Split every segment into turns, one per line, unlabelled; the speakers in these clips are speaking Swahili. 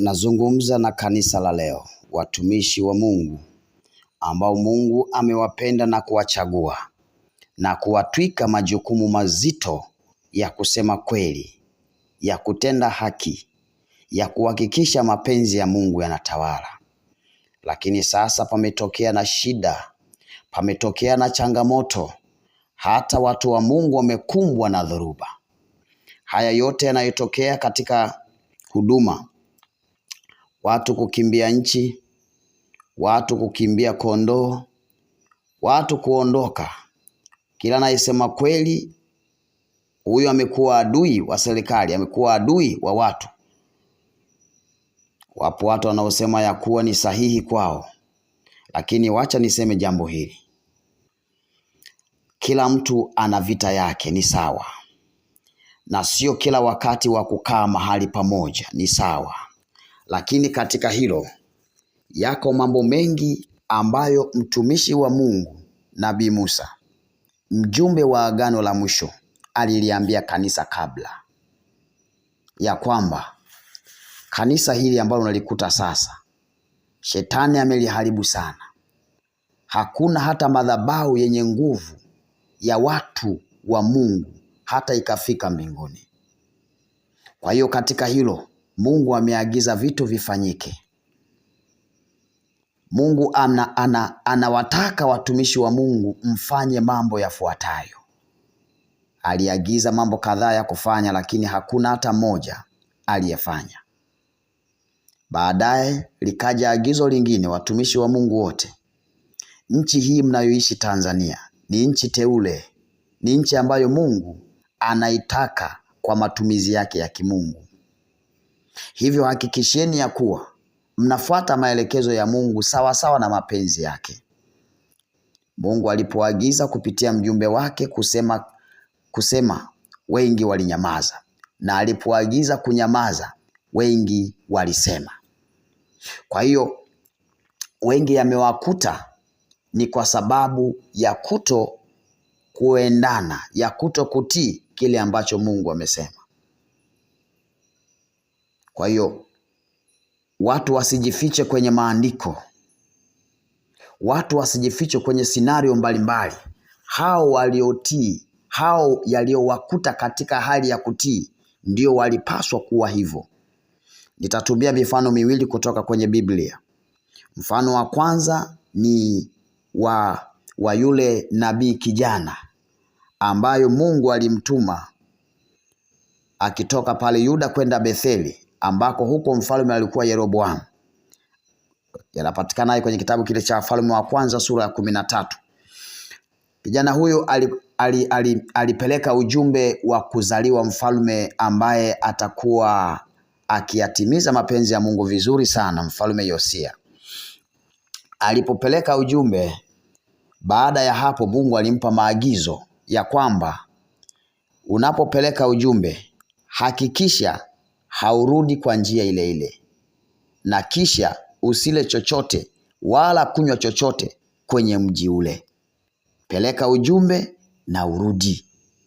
Nazungumza na kanisa la leo, watumishi wa Mungu ambao Mungu amewapenda na kuwachagua na kuwatwika majukumu mazito ya kusema kweli, ya kutenda haki, ya kuhakikisha mapenzi ya Mungu yanatawala. Lakini sasa pametokea na shida, pametokea na changamoto, hata watu wa Mungu wamekumbwa na dhoruba. Haya yote yanayotokea katika huduma watu kukimbia nchi, watu kukimbia kondoo, watu kuondoka. Kila anayesema kweli, huyo amekuwa adui wa serikali, amekuwa adui wa watu. Wapo watu wanaosema ya kuwa ni sahihi kwao, lakini wacha niseme jambo hili, kila mtu ana vita yake, ni sawa, na sio kila wakati wa kukaa mahali pamoja, ni sawa lakini katika hilo yako mambo mengi ambayo mtumishi wa Mungu Nabii Musa mjumbe wa agano la mwisho aliliambia kanisa kabla ya kwamba kanisa hili ambalo unalikuta sasa, shetani ameliharibu sana. Hakuna hata madhabahu yenye nguvu ya watu wa Mungu hata ikafika mbinguni. Kwa hiyo katika hilo Mungu ameagiza vitu vifanyike. Mungu ana, ana, anawataka watumishi wa Mungu mfanye mambo yafuatayo. Aliagiza mambo kadhaa ya kufanya, lakini hakuna hata moja aliyefanya. Baadaye likaja agizo lingine, watumishi wa Mungu wote, nchi hii mnayoishi Tanzania ni nchi teule, ni nchi ambayo Mungu anaitaka kwa matumizi yake ya kimungu. Hivyo hakikisheni ya kuwa mnafuata maelekezo ya Mungu sawasawa sawa na mapenzi yake. Mungu alipoagiza kupitia mjumbe wake kusema, kusema wengi walinyamaza, na alipoagiza kunyamaza wengi walisema. Kwa hiyo wengi yamewakuta ni kwa sababu ya kuto kuendana, ya kuto kutii kile ambacho Mungu amesema. Kwa hiyo watu wasijifiche kwenye maandiko, watu wasijifiche kwenye sinario mbalimbali. Hao waliotii, hao yaliyowakuta katika hali ya kutii, ndio walipaswa kuwa hivyo. Nitatumia mifano miwili kutoka kwenye Biblia. Mfano wa kwanza ni wa, wa yule nabii kijana ambayo Mungu alimtuma akitoka pale Yuda kwenda Betheli ambako huko mfalme alikuwa Yeroboamu. Yanapatikana kwenye kitabu kile cha Wafalme wa Kwanza sura ya kumi na tatu. Kijana huyu alipeleka ujumbe wa kuzaliwa mfalme ambaye atakuwa akiyatimiza mapenzi ya Mungu vizuri sana, mfalme Yosia. Alipopeleka ujumbe, baada ya hapo Mungu alimpa maagizo ya kwamba unapopeleka ujumbe hakikisha haurudi kwa njia ile ile. Na kisha usile chochote wala kunywa chochote kwenye mji ule. Peleka ujumbe na urudi.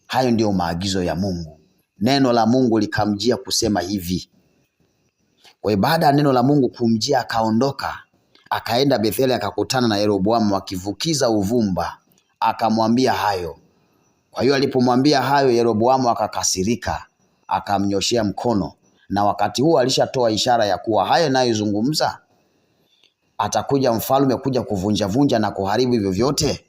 Hayo ndiyo maagizo ya Mungu. Neno la Mungu likamjia kusema hivi. Kwa hiyo baada ya neno la Mungu kumjia, akaondoka akaenda Betheli, akakutana na Yeroboamu akivukiza uvumba, akamwambia hayo. Kwa hiyo alipomwambia hayo, Yeroboamu akakasirika, akamnyoshea mkono na wakati huo alishatoa ishara ya kuwa haya nayozungumza atakuja mfalme kuja kuvunjavunja na kuharibu hivyo vyote.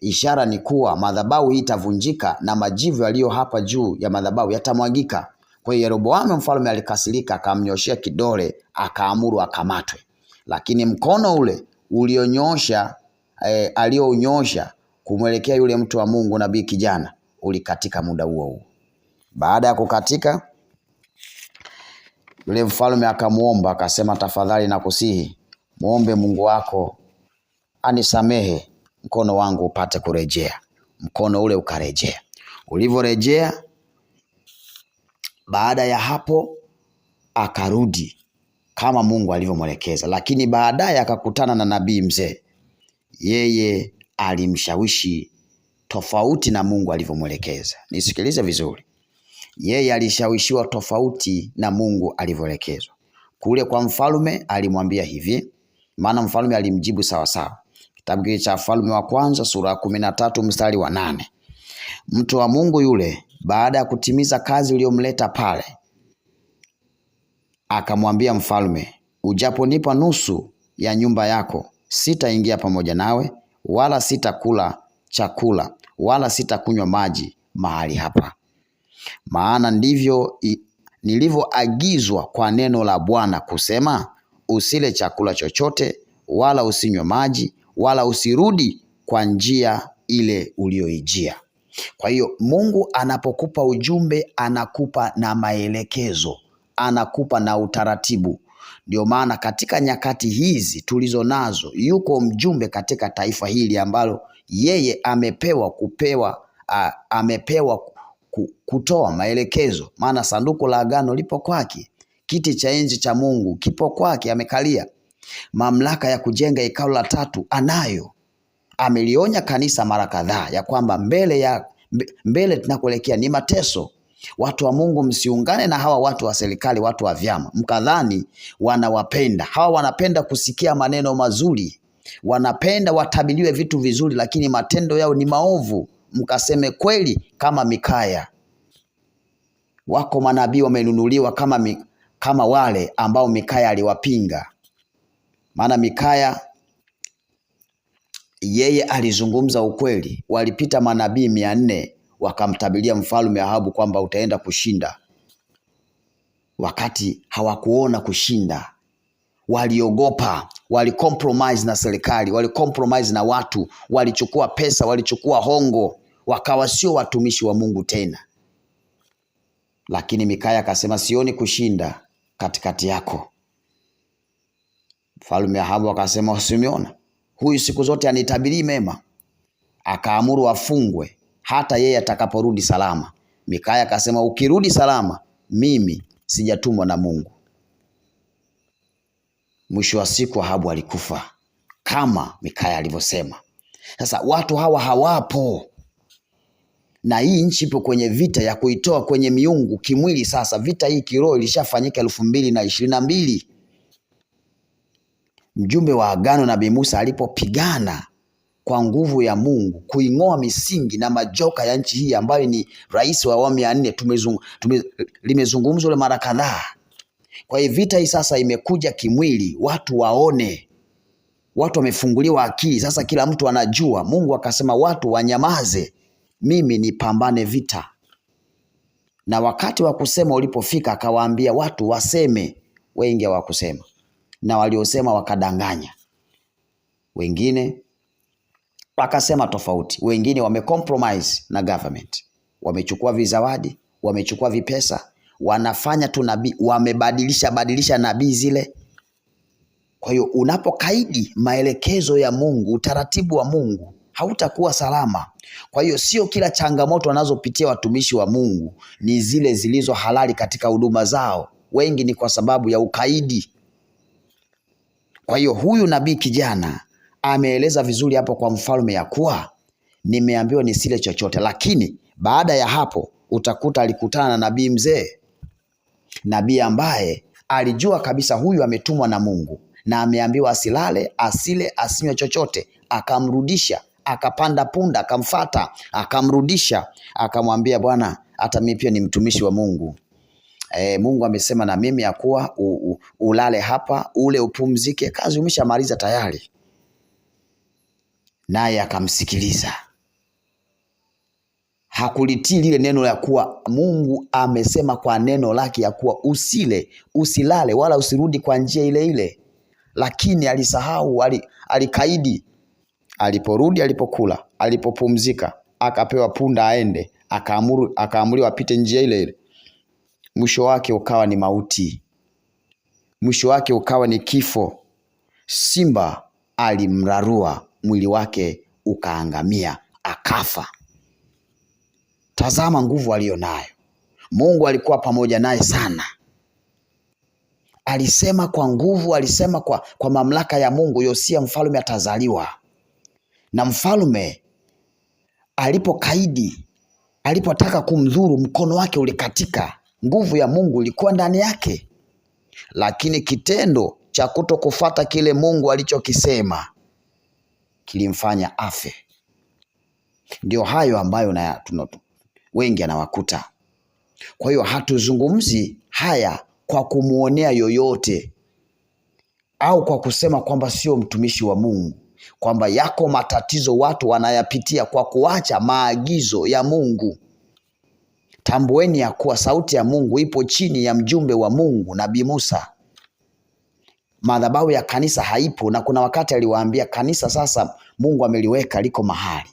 Ishara ni kuwa madhabahu hii itavunjika na majivu yaliyo hapa juu ya madhabahu yatamwagika. Kwa hiyo Yeroboamu mfalme alikasirika, akamnyoshea kidole, akaamuru akamatwe, lakini mkono ule ulionyosha e, eh, aliyonyosha kumwelekea yule mtu wa Mungu nabii kijana ulikatika muda huo huo. Baada ya kukatika yule mfalme akamwomba akasema, tafadhali nakusihi muombe Mungu wako anisamehe, mkono wangu upate kurejea. Mkono ule ukarejea. Ulivyorejea, baada ya hapo akarudi kama Mungu alivyomwelekeza, lakini baadaye akakutana na nabii mzee. Yeye alimshawishi tofauti na Mungu alivyomwelekeza. Nisikilize vizuri yeye alishawishiwa tofauti na Mungu alivyoelekezwa. Kule kwa mfalme alimwambia hivi, maana mfalme alimjibu sawasawa. Kitabu kile cha Falme wa kwanza sura ya kumi na tatu mstari wa nane. Mtu wa Mungu yule baada ya kutimiza kazi iliyomleta pale, akamwambia mfalme, ujaponipa nusu ya nyumba yako sitaingia pamoja nawe, wala sitakula chakula wala sitakunywa maji mahali hapa maana ndivyo nilivyoagizwa kwa neno la Bwana kusema, usile chakula chochote wala usinywe maji wala usirudi kwa njia ile uliyoijia. Kwa hiyo Mungu anapokupa ujumbe, anakupa na maelekezo, anakupa na utaratibu. Ndio maana katika nyakati hizi tulizo nazo, yuko mjumbe katika taifa hili ambalo yeye amepewa kupewa, a, amepewa kutoa maelekezo, maana sanduku la agano lipo kwake, kiti cha enzi cha Mungu kipo kwake, amekalia. Mamlaka ya kujenga hekalu la tatu anayo. Amelionya kanisa mara kadhaa ya kwamba mbele ya mbele tunakoelekea ni mateso. Watu wa Mungu, msiungane na hawa watu wa serikali, watu wa vyama, mkadhani wanawapenda. Hawa wanapenda kusikia maneno mazuri, wanapenda watabiliwe vitu vizuri, lakini matendo yao ni maovu mkaseme kweli kama Mikaya. Wako manabii wamenunuliwa kama, kama wale ambao Mikaya aliwapinga. Maana Mikaya yeye alizungumza ukweli. Walipita manabii mia nne wakamtabilia mfalme Ahabu kwamba utaenda kushinda, wakati hawakuona kushinda. Waliogopa, walikompromise na serikali, walikompromise na watu, walichukua pesa, walichukua hongo wakawa sio watumishi wa Mungu tena. Lakini Mikaya akasema, sioni kushinda katikati yako. mfalume Ahabu akasema, usimeona huyu siku zote anitabirii mema, akaamuru afungwe hata yeye atakaporudi salama. Mikaya akasema, ukirudi salama, mimi sijatumwa na Mungu. Mwisho wa siku Ahabu alikufa kama Mikaya alivyosema. Sasa watu hawa hawapo na hii nchi ipo kwenye vita ya kuitoa kwenye miungu kimwili. Sasa vita hii kiroho ilishafanyika elfu mbili na ishirini na mbili mjumbe wa agano Nabii Musa alipopigana kwa nguvu ya Mungu kuing'oa misingi na majoka ya nchi hii ambayo ni rais wa awamu ya nne. Limezungumzwa ule mara kadhaa. Kwa hiyo vita hii sasa imekuja kimwili, watu waone, watu wamefunguliwa akili sasa, kila mtu anajua. Mungu akasema watu wanyamaze mimi nipambane vita. Na wakati wa kusema ulipofika, akawaambia watu waseme. Wengi hawakusema, na waliosema wakadanganya, wengine wakasema tofauti, wengine wamecompromise na government, wamechukua vizawadi, wamechukua vipesa, wanafanya tu nabii, wamebadilisha badilisha nabii zile. Kwa hiyo unapokaidi maelekezo ya Mungu, utaratibu wa Mungu hautakuwa salama. Kwa hiyo sio kila changamoto wanazopitia watumishi wa Mungu ni zile zilizo halali katika huduma zao. Wengi ni kwa sababu ya ukaidi. Kwa hiyo huyu nabii kijana ameeleza vizuri hapo kwa mfalme ya kuwa nimeambiwa nisile chochote, lakini baada ya hapo utakuta alikutana na nabii mzee, nabii ambaye alijua kabisa huyu ametumwa na Mungu na ameambiwa asilale, asile, asinywe chochote, akamrudisha akapanda punda, akamfata, akamrudisha, akamwambia, bwana, hata mimi pia ni mtumishi wa Mungu. E, Mungu amesema na mimi ya kuwa u, u, ulale hapa ule upumzike, kazi umeshamaliza tayari. Naye akamsikiliza, hakulitii lile neno la kuwa Mungu amesema kwa neno lake ya kuwa usile, usilale wala usirudi kwa njia ile ile, lakini alisahau, alikaidi Aliporudi, alipokula, alipopumzika, akapewa punda aende, akaamuru akaamuriwa apite njia ile ile. Mwisho wake ukawa ni mauti, mwisho wake ukawa ni kifo. Simba alimrarua mwili wake ukaangamia, akafa. Tazama nguvu aliyo nayo. Mungu alikuwa pamoja naye sana. Alisema kwa nguvu, alisema kwa, kwa mamlaka ya Mungu, Yosia mfalme atazaliwa na mfalme alipokaidi, alipotaka kumdhuru, mkono wake ulikatika, nguvu ya Mungu ilikuwa ndani yake, lakini kitendo cha kutokufuata kile Mungu alichokisema kilimfanya afe. Ndio hayo ambayo na wengi anawakuta. Kwa hiyo hatuzungumzi haya kwa kumuonea yoyote au kwa kusema kwamba sio mtumishi wa Mungu kwamba yako matatizo watu wanayapitia kwa kuacha maagizo ya Mungu. Tambueni ya kuwa sauti ya Mungu ipo chini ya mjumbe wa Mungu Nabii Musa. Madhabahu ya kanisa haipo, na kuna wakati aliwaambia kanisa, sasa Mungu ameliweka liko mahali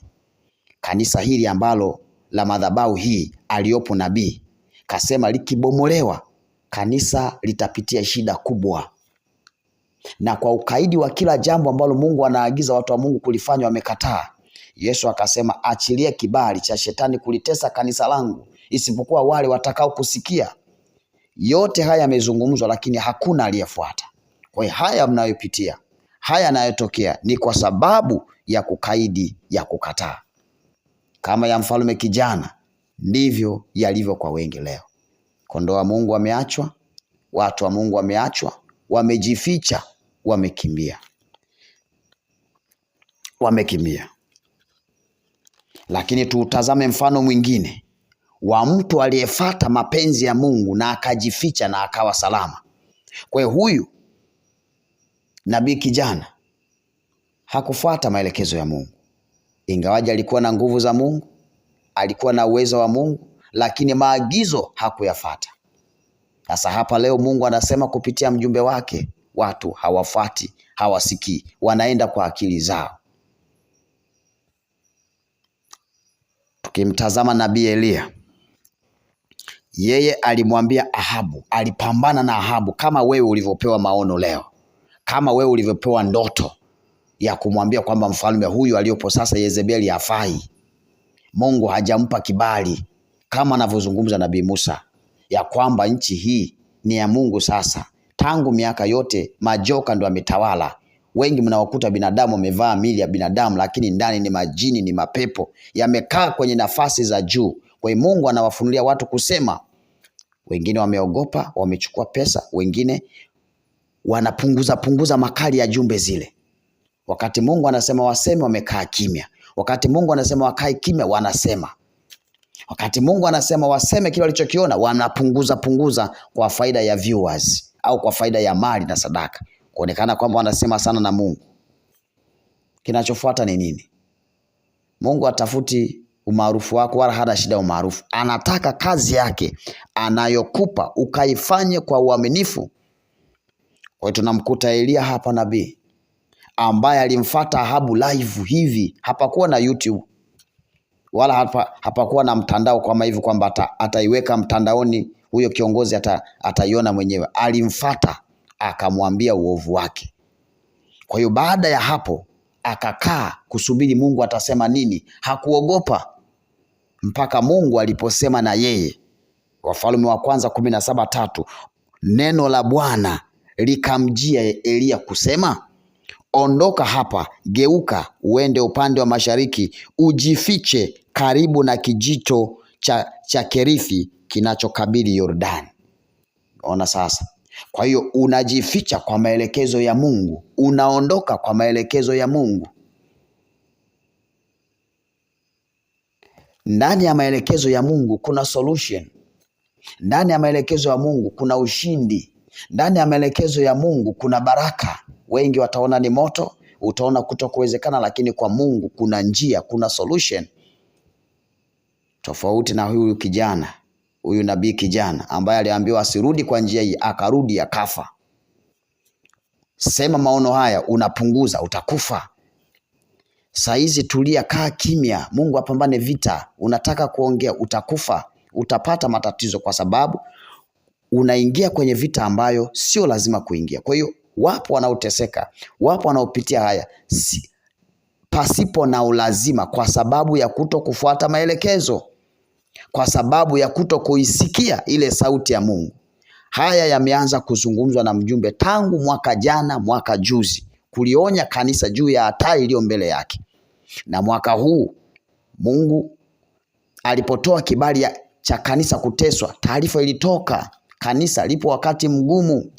kanisa hili ambalo la madhabahu hii aliyopo nabii kasema, likibomolewa kanisa litapitia shida kubwa na kwa ukaidi wa kila jambo ambalo Mungu anaagiza watu wa Mungu kulifanya wamekataa. Yesu akasema, achilia kibali cha shetani kulitesa kanisa langu, isipokuwa wale watakao kusikia. Yote haya yamezungumzwa, lakini hakuna aliyefuata. Kwa hiyo haya mnayopitia, haya yanayotokea ni kwa sababu ya kukaidi, ya kukataa. Kama ya mfalme kijana, ndivyo yalivyo kwa wengi leo. Kondoo wa Mungu wameachwa, watu wa Mungu wameachwa, wamejificha wamekimbia, wamekimbia. Lakini tuutazame mfano mwingine wa mtu aliyefata mapenzi ya Mungu na akajificha na akawa salama. Kwa hiyo huyu nabii kijana hakufuata maelekezo ya Mungu, ingawaji alikuwa na nguvu za Mungu, alikuwa na uwezo wa Mungu, lakini maagizo hakuyafata. Sasa hapa leo Mungu anasema kupitia mjumbe wake watu hawafati, hawasikii, wanaenda kwa akili zao. Tukimtazama nabii Eliya, yeye alimwambia Ahabu, alipambana na Ahabu kama wewe ulivyopewa maono leo, kama wewe ulivyopewa ndoto ya kumwambia kwamba mfalme huyu aliyopo sasa Yezebeli hafai, Mungu hajampa kibali, kama anavyozungumza nabii Musa ya kwamba nchi hii ni ya Mungu sasa Tangu miaka yote majoka ndo ametawala. Wengi mnawakuta binadamu wamevaa mili ya binadamu, lakini ndani ni majini, ni mapepo yamekaa kwenye nafasi za juu. Kwa hiyo Mungu anawafunulia watu kusema, wengine wameogopa, wamechukua pesa, wengine wanapunguza punguza makali ya jumbe zile. Wakati Mungu anasema waseme, wamekaa kimya. Wakati Mungu anasema wakae kimya, wanasema. Wakati Mungu anasema waseme kile walichokiona, wanapunguza punguza kwa faida ya viewers au kwa faida ya mali na sadaka, kuonekana kwamba wanasema sana na Mungu. Kinachofuata ni nini? Mungu atafuti umaarufu wako, wala hana shida ya umaarufu. Anataka kazi yake anayokupa ukaifanye kwa uaminifu. Kwa hiyo tunamkuta Elia hapa nabii ambaye alimfata Ahabu live hivi, hapakuwa na YouTube wala hapa, hapakuwa na mtandao kama hivyo kwamba ataiweka mtandaoni huyo kiongozi ata, ataiona mwenyewe. Alimfata akamwambia uovu wake. Kwa hiyo baada ya hapo akakaa kusubiri Mungu atasema nini. Hakuogopa mpaka Mungu aliposema na yeye. Wafalme wa kwanza kumi na saba tatu neno la Bwana likamjia Eliya kusema, ondoka hapa, geuka uende upande wa mashariki, ujifiche karibu na kijito cha, cha Kerithi kinachokabili Yordani. Ona sasa. Kwa hiyo unajificha kwa maelekezo ya Mungu, unaondoka kwa maelekezo ya Mungu. Ndani ya maelekezo ya Mungu kuna solution. Ndani ya maelekezo ya Mungu kuna ushindi. Ndani ya maelekezo ya Mungu kuna baraka. Wengi wataona ni moto, utaona kuto kuwezekana, lakini kwa Mungu kuna njia, kuna solution, tofauti na huyu kijana huyu nabii kijana ambaye aliambiwa asirudi kwa njia hii, akarudi akafa. Sema maono haya, unapunguza, utakufa. Saizi tulia, kaa kimya, Mungu apambane vita. Unataka kuongea, utakufa, utapata matatizo, kwa sababu unaingia kwenye vita ambayo sio lazima kuingia. Kwa hiyo wapo wanaoteseka, wapo wanaopitia haya si, pasipo na ulazima, kwa sababu ya kuto kufuata maelekezo kwa sababu ya kuto kuisikia ile sauti ya Mungu. Haya yameanza kuzungumzwa na mjumbe tangu mwaka jana, mwaka juzi, kulionya kanisa juu ya hatari iliyo mbele yake, na mwaka huu Mungu alipotoa kibali cha kanisa kuteswa, taarifa ilitoka, kanisa lipo wakati mgumu,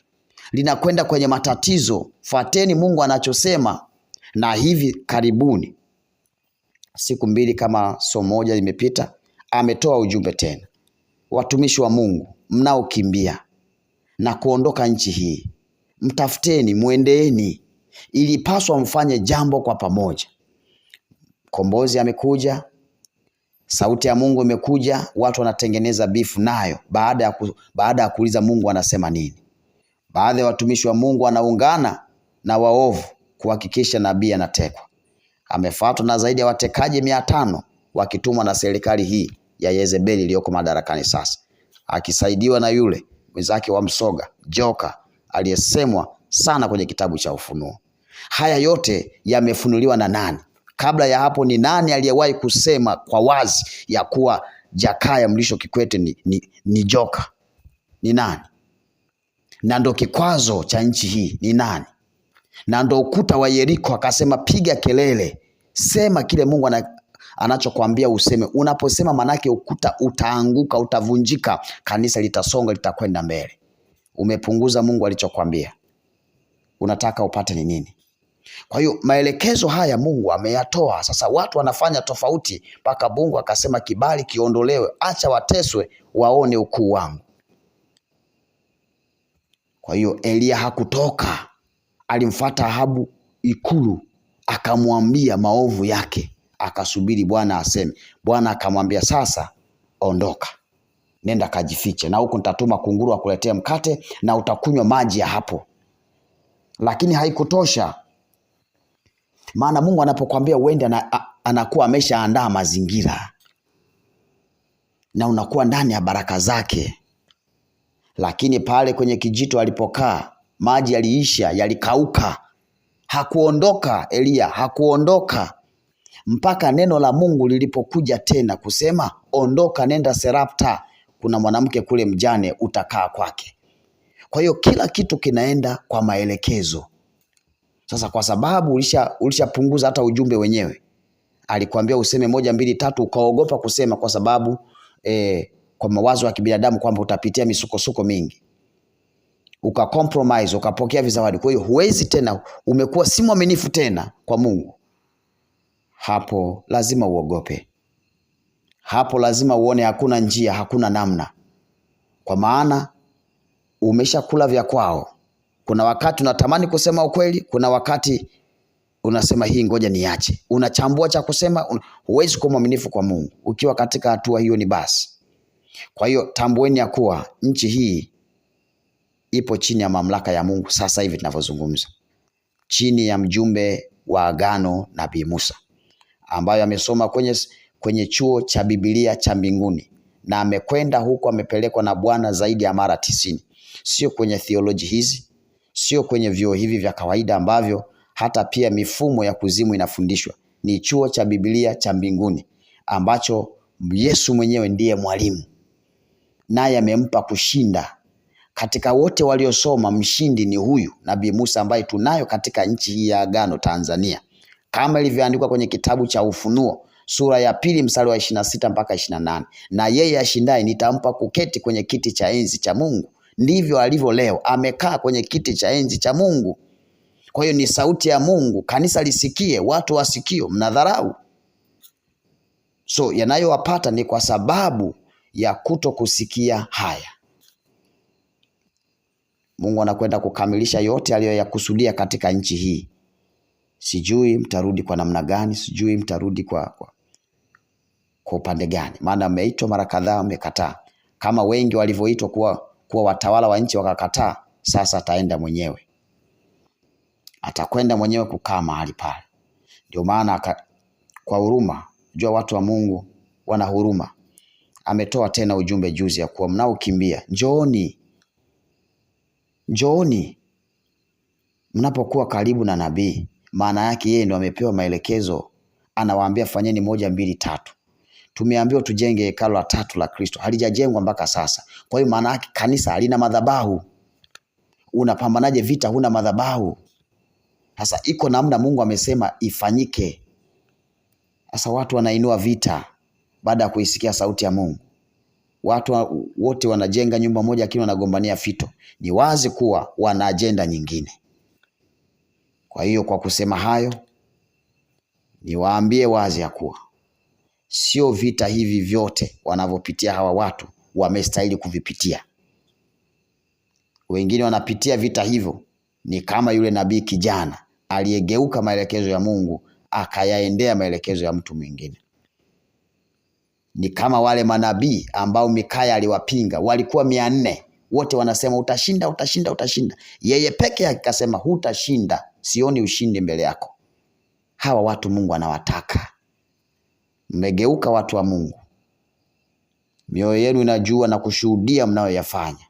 linakwenda kwenye matatizo. Fuateni Mungu anachosema. Na hivi karibuni, siku mbili kama somo moja limepita, ametoa ujumbe tena, watumishi wa Mungu mnaokimbia na kuondoka nchi hii, mtafuteni, mwendeeni. Ilipaswa mfanye jambo kwa pamoja. Kombozi amekuja, sauti ya Mungu imekuja, watu wanatengeneza bifu nayo. Baada ya ku, baada ya kuuliza Mungu anasema nini, baadhi ya watumishi wa Mungu wanaungana na waovu kuhakikisha nabii anatekwa. Amefuatwa na zaidi ya watekaji mia tano wakitumwa na serikali hii ya Yezebeli iliyoko madarakani sasa, akisaidiwa na yule mwenzake wa Msoga joka aliyesemwa sana kwenye kitabu cha Ufunuo. Haya yote yamefunuliwa na nani? Kabla ya hapo ni nani aliyewahi kusema kwa wazi ya kuwa Jakaya Mlisho Kikwete ni, ni, ni joka? Ni nani? Na ndo kikwazo cha nchi hii ni nani? Na ndo ukuta wa Yeriko akasema piga kelele, sema kile Mungu anachokwambia useme. Unaposema manake ukuta utaanguka, utavunjika, kanisa litasonga, litakwenda mbele. Umepunguza Mungu alichokwambia. Unataka upate ni nini? Kwa hiyo maelekezo haya Mungu ameyatoa. Sasa watu wanafanya tofauti, mpaka Mungu akasema kibali kiondolewe, acha wateswe, waone ukuu wangu. Kwa hiyo Eliya hakutoka, alimfuata Ahabu ikulu, akamwambia maovu yake akasubiri Bwana aseme. Bwana akamwambia sasa, ondoka, nenda kajifiche, na huku nitatuma kunguru akuletea mkate na utakunywa maji ya hapo. Lakini haikutosha, maana Mungu anapokuambia uende, anakuwa ameshaandaa mazingira na unakuwa ndani ya baraka zake. Lakini pale kwenye kijito alipokaa, maji yaliisha, yalikauka. Hakuondoka Eliya, hakuondoka mpaka neno la Mungu lilipokuja tena kusema, ondoka nenda Serapta, kuna mwanamke kule mjane, utakaa kwake. Kwa hiyo kila kitu kinaenda kwa maelekezo. Sasa kwa sababu ulisha ulishapunguza hata ujumbe wenyewe, alikwambia useme moja mbili tatu, ukaogopa kusema kwa sababu eh, kwa mawazo ya kibinadamu kwamba utapitia misukosuko mingi, uka compromise, ukapokea vizawadi. Kwa hiyo huwezi tena, umekuwa si mwaminifu tena kwa Mungu hapo lazima uogope. Hapo lazima uone hakuna njia, hakuna namna, kwa maana umeshakula vya kwao. Kuna wakati unatamani kusema ukweli, kuna wakati unasema hii, ngoja niache. Unachambua cha kusema. Huwezi kuwa mwaminifu kwa Mungu ukiwa katika hatua hiyo, ni basi. Kwa hiyo tambueni ya kuwa nchi hii ipo chini ya mamlaka ya Mungu sasa hivi tunavyozungumza, chini ya mjumbe wa agano Nabii Musa ambayo amesoma kwenye, kwenye chuo cha Biblia cha mbinguni na amekwenda huko, amepelekwa na Bwana zaidi ya mara tisini. Sio kwenye theoloji hizi, sio kwenye vyuo hivi vya kawaida ambavyo hata pia mifumo ya kuzimu inafundishwa. Ni chuo cha Biblia cha mbinguni ambacho Yesu mwenyewe ndiye mwalimu, naye amempa kushinda katika wote waliosoma. Mshindi ni huyu Nabii Musa ambaye tunayo katika nchi hii ya Agano Tanzania kama ilivyoandikwa kwenye kitabu cha Ufunuo sura ya pili mstari wa ishirini na sita mpaka ishirini na nane na yeye ashindaye nitampa kuketi kwenye kiti cha enzi cha Mungu. Ndivyo alivyo leo, amekaa kwenye kiti cha enzi cha Mungu. Kwa hiyo ni sauti ya Mungu, kanisa lisikie, watu wasikio, mnadharau. So yanayowapata ni kwa sababu ya kuto kusikia haya. Mungu anakwenda kukamilisha yote aliyoyakusudia katika nchi hii sijui mtarudi kwa namna gani, sijui mtarudi kwa, kwa, kwa upande gani, maana ameitwa mara kadhaa amekataa, kama wengi walivyoitwa kuwa, kuwa watawala wa nchi wakakataa. Sasa ataenda mwenyewe, atakwenda mwenyewe kukaa mahali pale. Ndio maana kwa huruma, jua watu wa Mungu wana huruma. Ametoa tena ujumbe juzi ya kuwa mnaokimbia, njooni, njooni mnapokuwa karibu na nabii maana yake yeye ndo amepewa maelekezo, anawaambia fanyeni moja mbili tatu. Tumeambiwa tujenge hekalu la tatu la Kristo, halijajengwa mpaka sasa. Kwa hiyo maana yake kanisa halina madhabahu. Unapambanaje vita huna madhabahu? Sasa iko namna Mungu amesema ifanyike. Sasa watu wanainua vita baada ya kuisikia sauti ya Mungu. Watu wote wanajenga nyumba moja lakini wanagombania fito. Ni wazi kuwa wana ajenda nyingine. Kwa hiyo kwa kusema hayo, niwaambie wazi ya kuwa sio vita hivi vyote wanavyopitia hawa watu wamestahili kuvipitia. Wengine wanapitia vita hivyo ni kama yule nabii kijana aliyegeuka maelekezo ya Mungu akayaendea maelekezo ya mtu mwingine. Ni kama wale manabii ambao Mikaya aliwapinga, walikuwa mia nne wote wanasema utashinda, utashinda, utashinda, yeye peke yake akasema hutashinda sioni ushindi mbele yako. Hawa watu Mungu anawataka. Mmegeuka watu wa Mungu, mioyo yenu inajua na kushuhudia mnayoyafanya.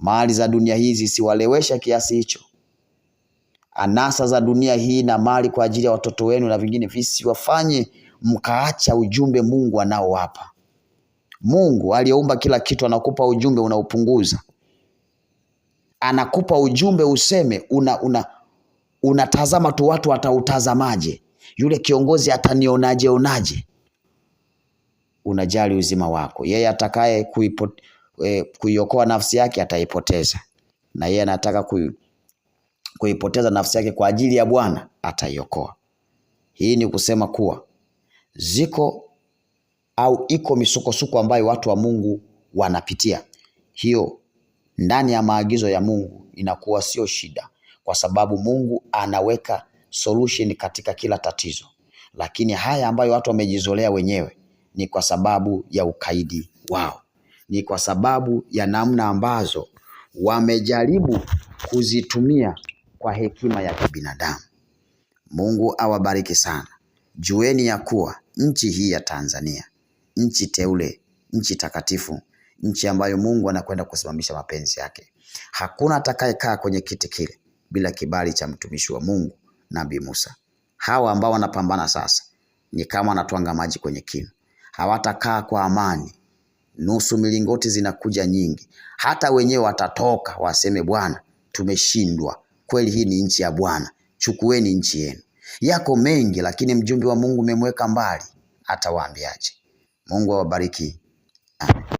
Mali za dunia hizi siwalewesha kiasi hicho, anasa za dunia hii na mali kwa ajili ya watoto wenu na vingine visiwafanye mkaacha ujumbe Mungu anaowapa. Mungu aliyeumba kila kitu anakupa ujumbe unaupunguza, anakupa ujumbe useme una, una unatazama tu watu watautazamaje, yule kiongozi atanionaje onaje. Unajali uzima wako. Yeye atakaye kuipo, eh, kuiokoa nafsi yake ataipoteza, na yeye anataka kui, kuipoteza nafsi yake kwa ajili ya Bwana ataiokoa. Hii ni kusema kuwa ziko au iko misukosuko ambayo watu wa Mungu wanapitia, hiyo ndani ya maagizo ya Mungu inakuwa sio shida, kwa sababu Mungu anaweka solution katika kila tatizo, lakini haya ambayo watu wamejizolea wenyewe ni kwa sababu ya ukaidi wao, ni kwa sababu ya namna ambazo wamejaribu kuzitumia kwa hekima ya kibinadamu. Mungu awabariki sana. Jueni ya kuwa nchi hii ya Tanzania, nchi teule, nchi takatifu, nchi ambayo Mungu anakwenda kusimamisha mapenzi yake. Hakuna atakayekaa kwenye kiti kile bila kibali cha mtumishi wa Mungu Nabii Musa. Hawa ambao wanapambana sasa ni kama wanatwanga maji kwenye kinu, hawatakaa kwa amani. Nusu milingoti zinakuja nyingi, hata wenyewe watatoka waseme, Bwana tumeshindwa kweli, hii ni nchi ya Bwana, chukueni nchi yenu. Yako mengi, lakini mjumbe wa Mungu umemweka mbali, atawaambiaje? Mungu awabariki. Amen.